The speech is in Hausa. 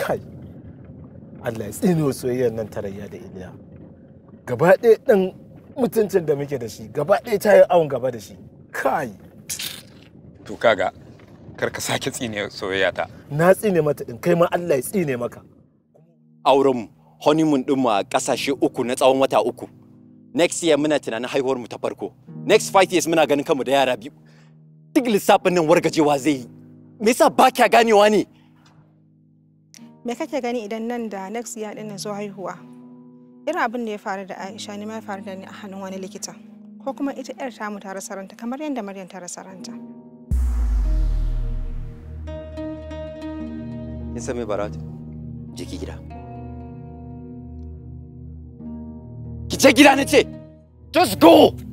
kai Allah ya tsine wa soyayyar nan tarayya da Iliya gaba ɗaya ɗan mutuncin da muke da shi gaba ɗaya ta yi awon gaba da shi kai to kaga kar ka sake tsine soyayya ta na tsine mata din kai ma Allah ya tsine maka auren mu honeymoon din mu a kasashe uku na tsawon wata uku next year muna tunanin haihuwar mu ta farko next five years muna ganin kanmu da yara biyu duk lissafin nan wargajewa zai yi me yasa ba kya ganewa ne me kake gani idan nan da next year din zo haihuwa irin abin da ya faru da aisha ne ma ya faru da ni a hannun wani likita ko kuma ita yar tamu ta rasa ranta kamar yadda maryam ta rasa ranta kin san me barat jiki gida ki je gida ne ce just go